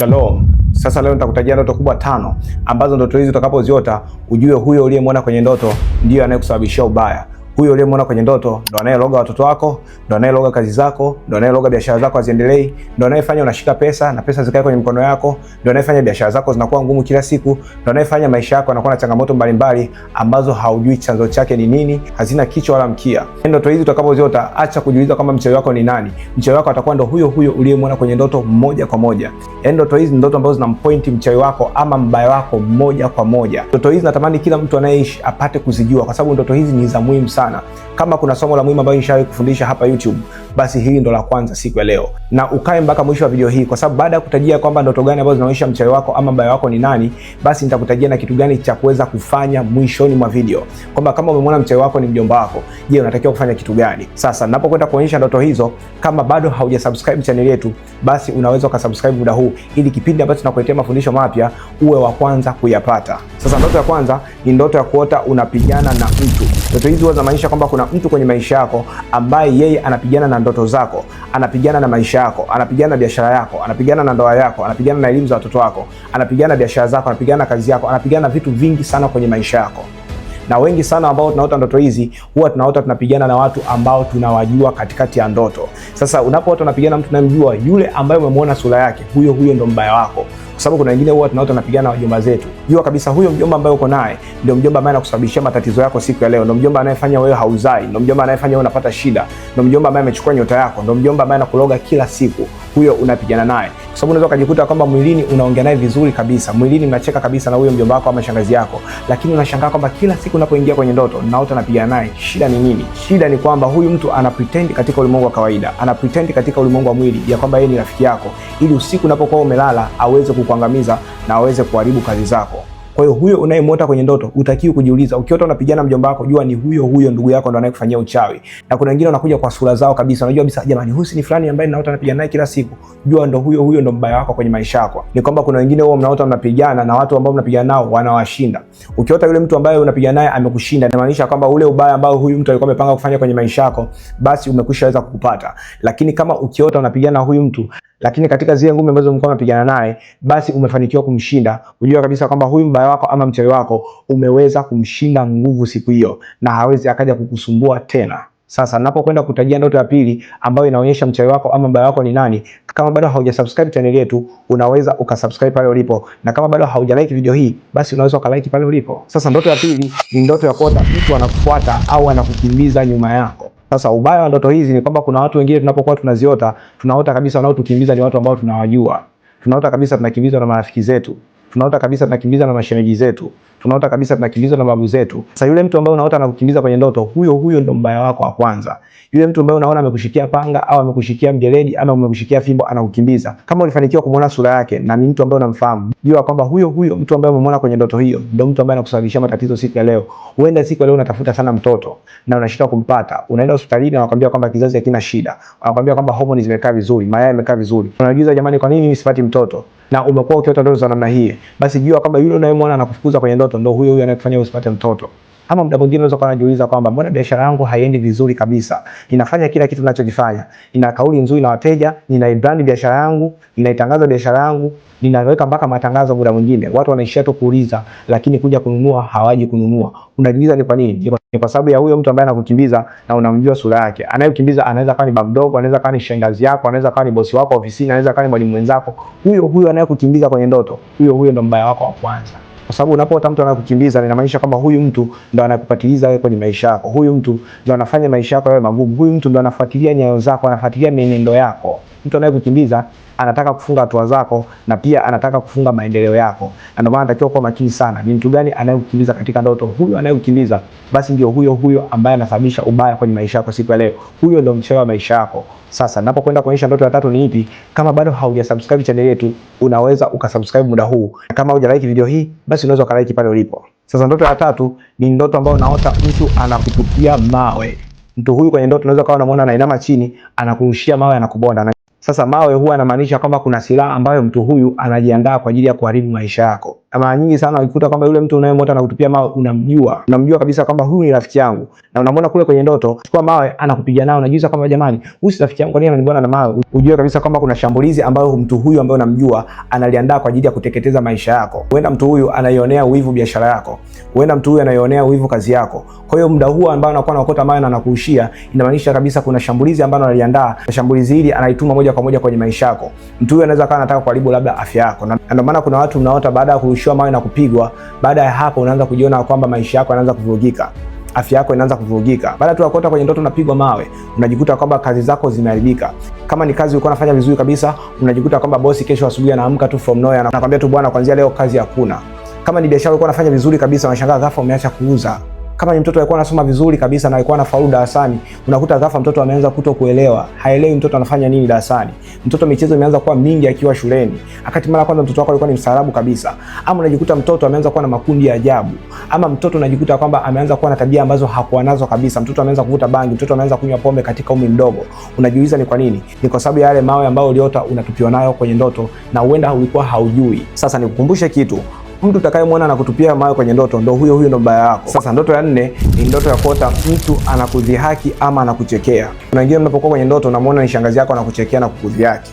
Shalom. Sasa leo nitakutajia ndoto kubwa tano ambazo ndoto hizi utakapoziota ujue huyo uliyemwona kwenye ndoto ndiyo anayekusababishia ubaya huyo uliyemwona kwenye ndoto ndo anayeloga watoto wako, ndo anayeloga kazi zako, ndo anayeloga biashara zako haziendelei, ndo anayefanya unashika pesa na pesa zikae kwenye mkono yako, ndo anayefanya biashara zako zinakuwa ngumu kila siku, ndo anayefanya maisha yako yanakuwa na changamoto mbalimbali ambazo haujui chanzo chake ni nini, hazina kichwa wala mkia. Ndoto hizi utakapoziota, acha kujiuliza kwamba mchawi wako ni nani. Mchawi wako atakuwa ndo huyo huyo uliyemwona kwenye ndoto moja kwa moja. Yaani ndoto hizi ndoto ambazo zinampointi mchawi wako ama mbaya wako moja kwa moja. Ndoto hizi natamani kila mtu anayeishi apate kuzijua, kwa sababu ndoto hizi ni za muhimu sana sana. Kama kuna somo la muhimu ambayo nishawahi kufundisha hapa YouTube, basi hili ndo la kwanza siku ya leo, na ukae mpaka mwisho wa video hii, kwa sababu baada ya kutajia kwamba ndoto gani ambazo zinaonyesha mchawi wako ama mbaya wako ni nani, basi nitakutajia na kitu gani cha kuweza kufanya mwishoni mwa video, kwamba kama umemwona mchawi wako ni mjomba wako, je, unatakiwa kufanya kitu gani? Sasa ninapokwenda kuonyesha ndoto hizo, kama bado haujasubscribe channel yetu, basi unaweza ukasubscribe muda huu, ili kipindi ambacho tunakuletea mafundisho mapya uwe wa kwanza kuyapata. Sasa ndoto ya kwanza ni ndoto ya kuota unapigana na mtu. Ndoto hizi huwa zamaanisha kwamba kuna mtu kwenye maisha yako ambaye yeye anapigana na ndoto zako, anapigana na maisha yako, anapigana na biashara yako, anapigana na ndoa yako, anapigana na elimu za watoto wako, anapigana na biashara zako, anapigana na kazi yako, anapigana na vitu vingi sana kwenye maisha yako na wengi sana ambao tunaota ndoto hizi huwa tunaota tunapigana na watu ambao tunawajua katikati ya ndoto. Sasa unapoota unapigana mtu unamjua, yule ambaye umemwona sura yake, huyo huyo ndo mbaya wako kwa sababu kuna wengine huwa tunaota tunapigana na wajomba zetu. Jua kabisa huyo mjomba ambaye uko naye ndio mjomba ambaye anakusababishia matatizo yako siku ya leo, ndio mjomba anayefanya wewe hauzai, ndio mjomba anayefanya wewe unapata shida, ndio mjomba ambaye amechukua nyota yako, ndio mjomba ambaye anakuloga kila siku. Huyo unapigana naye sababu unaweza ukajikuta kwamba mwilini unaongea naye vizuri kabisa, mwilini unacheka kabisa na huyo mjomba wako ama shangazi yako, lakini unashangaa kwamba kila siku unapoingia kwenye ndoto naota napigana naye. Shida ni nini? Shida ni kwamba huyu mtu ana pretend katika ulimwengu wa kawaida, ana pretend katika ulimwengu wa mwili ya kwamba yeye ni rafiki yako, ili usiku unapokuwa umelala aweze kukuangamiza na aweze kuharibu kazi zako. Kwa hiyo huyo unayemwota kwenye ndoto utakiwa kujiuliza. Ukiota unapigana mjomba wako, jua ni huyo huyo ndugu yako ndo anayekufanyia uchawi. Na kuna wengine wanakuja kwa sura zao kabisa, unajua kabisa, jamani, huyu ni fulani ambaye ninaota napigana naye kila siku, jua ndo huyo huyo ndo mbaya wako kwenye maisha yako. Ni kwamba kuna wengine wao mnaota mnapigana na watu ambao mnapigana nao wanawashinda. Ukiota yule mtu ambaye unapigana naye amekushinda, inamaanisha kwamba ule ubaya ambao huyu mtu alikuwa amepanga kufanya kwenye maisha yako, basi umekwishaweza kukupata. Lakini kama ukiota unapigana na huyu mtu lakini katika zile ngumi ambazo mlikuwa mnapigana naye, basi umefanikiwa kumshinda, unajua kabisa kwamba huyu mbaya wako ama mchawi wako umeweza kumshinda nguvu siku hiyo, na hawezi akaja kukusumbua tena. Sasa napokwenda kutajia ndoto ya pili ambayo inaonyesha mchawi wako ama mbaya wako ni nani, kama bado haujasubscribe channel yetu, unaweza ukasubscribe pale ulipo, na kama bado haujalike video hii, basi unaweza ukalike pale ulipo. Sasa ndoto ya pili ni ndoto ya kuota mtu anakufuata au anakukimbiza nyuma yako. Sasa ubaya wa ndoto hizi ni kwamba kuna watu wengine tunapokuwa tunaziota, tunaota kabisa wanaotukimbiza ni watu ambao tunawajua, tunaota kabisa tunakimbizwa na marafiki zetu tunaota kabisa tunakimbiza na mashemeji zetu, tunaota kabisa tunakimbiza na babu zetu. Sasa yule mtu ambaye unaota anakukimbiza kwenye ndoto, huyo huyo ndo mbaya wako wa kwanza. Yule mtu ambaye unaona amekushikia panga au amekushikia mjeledi ama amekushikia fimbo anakukimbiza, kama ulifanikiwa kumuona sura yake na ni mtu ambaye unamfahamu, jua kwamba huyo huyo mtu ambaye umemuona kwenye ndoto hiyo ndo mtu ambaye anakusababishia matatizo siku ya leo. Huenda siku ya leo unatafuta sana mtoto na unashindwa kumpata, unaenda hospitalini na wakwambia kwamba kizazi hakina shida, wanakwambia kwamba homoni zimekaa vizuri, mayai yamekaa vizuri, Unaagiza jamani, kwa nini sipati mtoto? na umekuwa ukiota ndoto za namna hii, basi jua kwamba yule unayemwona anakufukuza kwenye ndoto ndo huyo huyo anayekufanya usipate mtoto. Ama muda mwingine unaweza kuwa unajiuliza kwamba mbona biashara yangu haiendi vizuri kabisa, ninafanya kila kitu ninachokifanya, nina kauli nzuri na wateja, nina brand biashara yangu, ninaitangaza biashara yangu, ninaweka mpaka matangazo, muda mwingine watu wanaishia tu kuuliza, lakini kuja kununua hawaji kununua. Unajiuliza ni kwa nini? Ni kwa sababu ya huyo mtu ambaye anakukimbiza na unamjua sura yake. Anayekukimbiza anaweza kuwa ni baba mdogo, anaweza kuwa ni shangazi yako, anaweza kuwa ni bosi wako ofisini, anaweza kuwa ni mwalimu mwenzako. Huyo huyo anayekukimbiza kwenye ndoto, huyo huyo ndo mbaya wako wa kwanza kwa sababu unapoota mtu anakukimbiza inamaanisha kwamba huyu mtu ndo anakupatiliza wewe kwenye maisha yako, huyu mtu ndo anafanya maisha yako yawe magumu, huyu mtu ndo anafuatilia nyayo zako, anafuatilia mienendo yako. Mtu anayekukimbiza anataka kufunga hatua zako na pia anataka kufunga maendeleo yako, na ndio maana anatakiwa kuwa makini sana. Ni mtu gani anayekukimbiza katika ndoto? Huyo anayekukimbiza basi ndio huyo huyo ambaye anasababisha ubaya kwenye maisha yako siku ya leo. Huyo ndio mchoro wa maisha yako. Sasa ninapokwenda kuonyesha ndoto ya tatu ni ipi, kama bado haujasubscribe channel yetu, unaweza ukasubscribe muda huu, na kama hujalike video hii, basi unaweza ukalike pale ulipo. Sasa ndoto ya tatu ni ndoto ambayo naota mtu anakutupia mawe. Mtu huyu kwenye ndoto unaweza kawa unamwona anainama chini, anakurushia mawe, anakubonda. Sasa mawe huwa anamaanisha kwamba kuna silaha ambayo mtu huyu anajiandaa kwa ajili ya kuharibu maisha yako mara nyingi sana ukikuta kwamba yule mtu unayemwota anakutupia mawe unamjua, unamjua kabisa kwamba huyu ni rafiki yangu, na unamwona kule kwenye ndoto, chukua mawe anakupiga nao, unajiuliza kwamba jamani, huyu si rafiki yangu, kwa nini ananibona na mawe? Ujue kabisa kwamba kuna shambulizi ambayo mtu huyu ambaye unamjua analiandaa kwa ajili ya kuteketeza maisha yako. Huenda mtu huyu anaionea wivu biashara yako, huenda mtu huyu anaionea wivu kazi yako. Kwa hiyo muda huo ambao anakuwa anaokota mawe na anakuushia, inamaanisha kabisa kuna shambulizi ambalo analiandaa, na shambulizi hili anaituma moja kwa moja kwenye maisha yako. Mtu huyu anaweza kuwa anataka kuharibu labda afya yako, na ndio maana kuna watu mnaota baada ya kurushiwa mawe na kupigwa. Baada ya hapo, unaanza kujiona kwamba maisha yako yanaanza kuvurugika, afya yako inaanza kuvurugika. Baada tu kuota kwenye ndoto unapigwa mawe, unajikuta kwamba kazi zako zimeharibika. Kama ni kazi ulikuwa unafanya vizuri kabisa, unajikuta kwamba bosi kesho asubuhi anaamka tu from nowhere, anakuambia tu bwana, kuanzia leo kazi hakuna. Kama ni biashara ulikuwa unafanya vizuri kabisa, unashangaa ghafla umeacha kuuza kama ni mtoto alikuwa anasoma vizuri kabisa na alikuwa anafaulu darasani, unakuta ghafla mtoto ameanza kuto kuelewa, haelewi mtoto anafanya nini darasani. Mtoto michezo imeanza kuwa mingi akiwa shuleni, akati mara kwanza mtoto wako alikuwa ni mstaarabu kabisa, ama unajikuta mtoto ameanza kuwa na makundi ya ajabu, ama mtoto unajikuta kwamba ameanza kuwa na tabia ambazo hakuwa nazo kabisa. Mtoto ameanza kuvuta bangi, mtoto ameanza kunywa pombe katika umri mdogo. Unajiuliza ni kwa nini? Ni kwa sababu ya yale mawe ambayo uliota unatupiwa nayo kwenye ndoto, na huenda ulikuwa haujui. Sasa nikukumbushe kitu mtu utakayemwona anakutupia mawe kwenye ndoto ndo huyo huyo ndo mbaya wako. Sasa ndoto ya nne ni ndoto ya kuota mtu anakudhihaki ama anakuchekea. Kuna wengine mnapokuwa kwenye ndoto unamwona ni shangazi yako anakuchekea na kukudhihaki.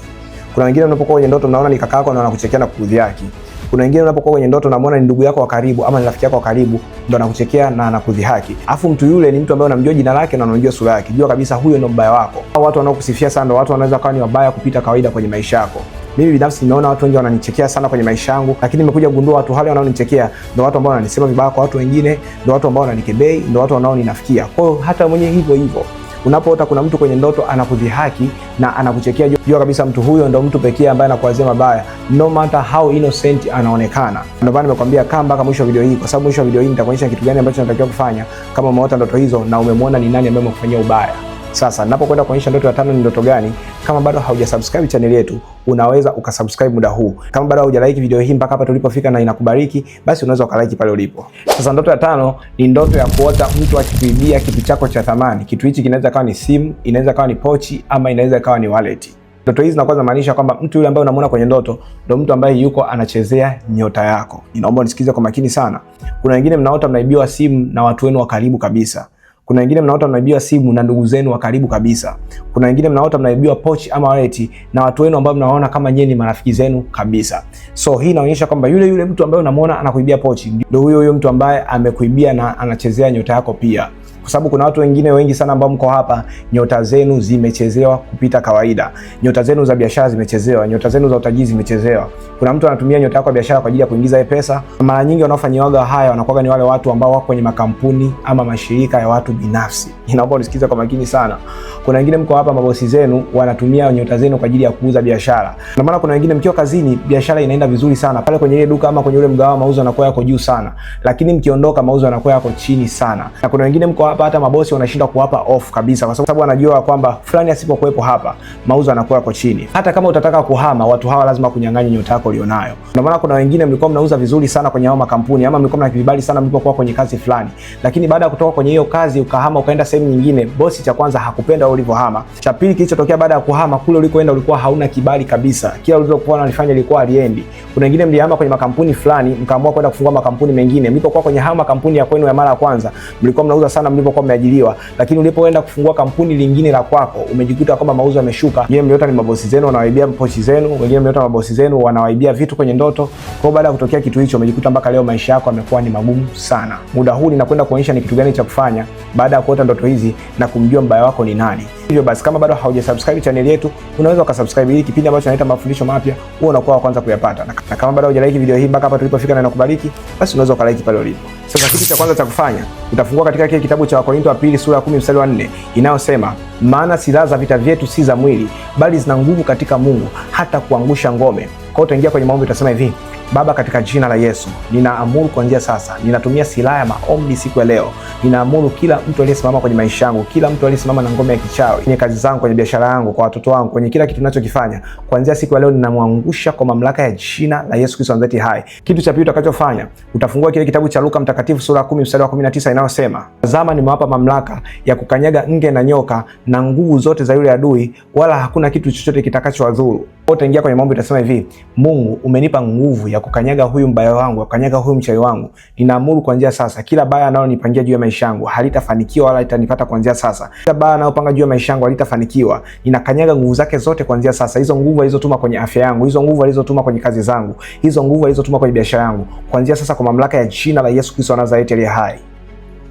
Kuna wengine mnapokuwa kwenye ndoto mnaona ni kaka yako na anakuchekea na kukudhihaki. Kuna wengine unapokuwa kwenye ndoto unamwona ni ndugu yako wa karibu ama ni rafiki yako wa karibu ndo anakuchekea na anakudhihaki. Alafu mtu yule ni mtu ambaye unamjua jina lake na unamjua sura yake. Jua kabisa huyo ndo mbaya wako. Watu wanaokusifia sana ndo watu wanaweza kuwa ni wabaya kupita kawaida kwenye maisha yako. Mimi binafsi nimeona watu wengi wananichekea sana kwenye maisha yangu, lakini nimekuja kugundua watu wale wanaonichekea ndio watu ambao wananisema vibaya kwa watu wengine, ndio watu ambao wananikebei, ndio watu wanaoninafikia. Kwa hiyo hata mwenyewe hivyo hivyo unapoota kuna mtu kwenye ndoto anakudhihaki na anakuchekea, jua kabisa mtu huyo ndo mtu pekee ambaye anakuwazia mabaya, no matter how innocent anaonekana. Ndio maana nimekwambia kaa mpaka mwisho wa video hii, kwa sababu mwisho wa video hii nitakuonyesha kitu gani ambacho natakiwa kufanya kama umeota ndoto hizo na umemwona ni nani ambaye amekufanyia ubaya. Sasa ninapokwenda kuonyesha ndoto ya tano ni ndoto gani, kama bado haujasubscribe channel yetu, unaweza ukasubscribe muda huu. Kama bado haujalike video hii mpaka hapa tulipofika na inakubariki, basi unaweza ukalike pale ulipo. Sasa ndoto ya tano ni ndoto ya kuota mtu akikuibia kitu chako cha thamani. Kitu hichi kinaweza kawa ni simu, inaweza kawa ni pochi ama inaweza kawa ni wallet. Ndoto hizi zinakuwa zinamaanisha kwamba mtu yule ambaye unamuona kwenye ndoto ndo mtu ambaye yuko anachezea nyota yako. Ninaomba unisikize kwa makini sana. Kuna wengine mnaota mnaibiwa simu na watu wenu wa karibu kabisa kuna wengine mnaota mnaibiwa simu na ndugu zenu wa karibu kabisa. Kuna wengine mnaota mnaibiwa pochi ama wallet na watu wenu ambao mnaona kama nyinyi ni marafiki zenu kabisa. So hii inaonyesha kwamba yule yule mtu ambaye unamwona anakuibia pochi ndio huyo huyo mtu ambaye amekuibia na anachezea nyota yako pia kwa sababu kuna watu wengine wengi sana ambao mko hapa, nyota zenu zimechezewa kupita kawaida. Nyota zenu za biashara zimechezewa, nyota zenu za utajiri zimechezewa. Kuna mtu anatumia nyota yako ya biashara kwa ajili ya kuingiza pesa. Mara nyingi wanaofanyiwaga haya wanakuwa ni wale watu ambao wako kwenye makampuni ama mashirika ya watu binafsi. Ninaomba unisikize kwa makini sana. Kuna wengine mko hapa, mabosi zenu wanatumia nyota zenu kwa ajili ya kuuza biashara. Na maana kuna wengine mkiwa kazini, biashara inaenda vizuri sana pale kwenye ile duka ama kwenye ule mgawa, mauzo yanakuwa yako juu sana, lakini mkiondoka, mauzo yanakuwa yako chini sana. Na kuna wengine mko hapa, hata mabosi wanashindwa kuwapa off kabisa, kwa sababu wanajua kwamba fulani asipokuwepo hapa, mauzo yanakuwa yako chini. Hata kama utataka kuhama, watu hawa lazima kunyang'anya nyota yako ulionayo. Na maana kuna wengine mlikuwa mnauza vizuri sana kwenye hao makampuni ama mlikuwa mna kibali sana mlipokuwa kwenye kazi fulani, lakini baada ya kutoka kwenye hiyo kazi ukahama ukaenda sehemu nyingine, bosi cha kwanza hakupenda ulivyohama. Cha pili kilichotokea baada ya kuhama, kule ulikoenda ulikuwa hauna kibali kabisa, kila ulichokuwa unalifanya ilikuwa aliendi. Kuna wengine mlihama kwenye makampuni fulani, mkaamua kwenda kufungua makampuni mengine. Mlipokuwa kwenye hama kampuni ya kwenu ya mara ya kwanza, mlikuwa mnauza sana mlipokuwa mmeajiriwa, lakini ulipoenda kufungua kampuni lingine la kwako, umejikuta kwamba mauzo yameshuka. Wengine mliota ni mabosi zenu wanawaibia pochi zenu, wengine mliota mabosi zenu wanawaibia vitu kwenye ndoto. Kwa baada ya kutokea kitu hicho, umejikuta mpaka leo maisha yako yamekuwa ni magumu sana. Muda huu ninakwenda kuonyesha ni kitu gani cha kufanya baada ya kuota ndoto hizi na kumjua mbaya wako ni nani. Hivyo basi kama bado haujasubscribe channel yetu, unaweza ukasubscribe ili kipindi ambacho tunaleta mafundisho mapya huo unakuwa wa kwanza kuyapata. Na kama bado hujalike video hii mpaka hapa tulipofika na nakubariki, basi unaweza ukalike pale ulipo. Sasa kitu cha kwanza cha kufanya, utafungua katika kile kitabu cha Wakorintho wa pili sura ya 10 mstari wa 4 inayosema, maana silaha za vita vyetu si za mwili, bali zina nguvu katika Mungu hata kuangusha ngome. Kwa hiyo utaingia kwenye maombi utasema hivi: Baba, katika jina la Yesu ninaamuru kuanzia sasa, ninatumia silaha ya maombi siku ya leo. Ninaamuru kila mtu aliyesimama kwenye maisha yangu, kila mtu aliyesimama na ngome ya kichawi kwenye kazi zangu, kwenye biashara yangu, kwa watoto wangu, kwenye kila kitu ninachokifanya, kuanzia siku ya leo ninamwangusha kwa mamlaka ya jina la Yesu Kristo anzati hai. Kitu cha pili utakachofanya, utafungua kile kitabu cha Luka Mtakatifu sura ya 10 mstari wa 19 inayosema, tazama, nimewapa mamlaka ya kukanyaga nge na nyoka na nguvu zote za yule adui, wala hakuna kitu chochote kitakachowadhuru. Utaingia kwenye maombi, utasema hivi: Mungu, umenipa nguvu ya ya kukanyaga huyu mbaya wangu, kukanyaga huyu mchawi wangu, ninaamuru kuanzia sasa, kila baya anayonipangia juu ya maisha yangu halitafanikiwa wala litanipata kuanzia sasa. Kila baya anayopanga juu ya maisha yangu halitafanikiwa. Ninakanyaga nguvu zake zote kuanzia sasa, hizo nguvu alizotuma kwenye afya yangu, hizo nguvu alizotuma kwenye kazi zangu, hizo nguvu alizotuma kwenye biashara yangu, kuanzia sasa, kwa mamlaka ya jina la Yesu Kristo wa Nazareti aliye hai.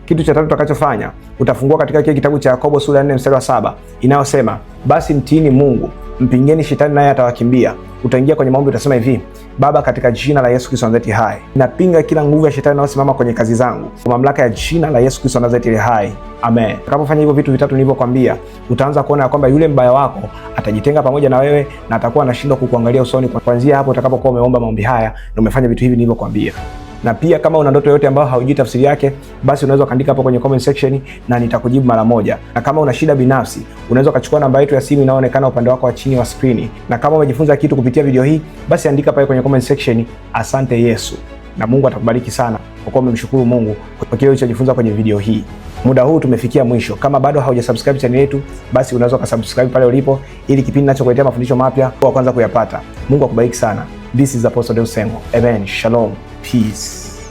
Kitu cha tatu utakachofanya utafungua katika kile kitabu cha Yakobo sura ya 4 mstari wa saba inayosema basi mtiini Mungu, mpingeni shetani naye atawakimbia. Utaingia kwenye maombi, utasema hivi: Baba, katika jina la Yesu Kristo Nazareti hai, napinga kila nguvu ya shetani inayosimama kwenye kazi zangu kwa mamlaka ya jina la Yesu Kristo Nazareti hai, amen. Utakapofanya hivyo vitu vitatu nilivyokwambia, utaanza kuona ya kwamba yule mbaya wako atajitenga pamoja na wewe na atakuwa anashindwa kukuangalia usoni. Kuanzia hapo utakapokuwa umeomba maombi haya na umefanya vitu hivi nilivyokwambia na pia kama una ndoto yoyote ambayo haujui tafsiri yake, basi unaweza ukaandika hapo kwenye comment section na nitakujibu mara moja. Na kama una shida binafsi, unaweza ukachukua namba yetu ya simu inayoonekana upande wako wa chini wa screen. Na kama umejifunza kitu kupitia video hii, basi andika pale kwenye comment section asante Yesu, na Mungu atakubariki sana kwa kuwa umemshukuru Mungu kwa kile ulichojifunza kwenye video hii. Muda huu tumefikia mwisho. Kama bado haujasubscribe channel yetu, basi unaweza ukasubscribe pale ulipo, ili kipindi ninachokuletea mafundisho mapya kwa kwanza kuyapata. Mungu akubariki sana. This is Apostle Deusi Sengo. Amen. Shalom. peace.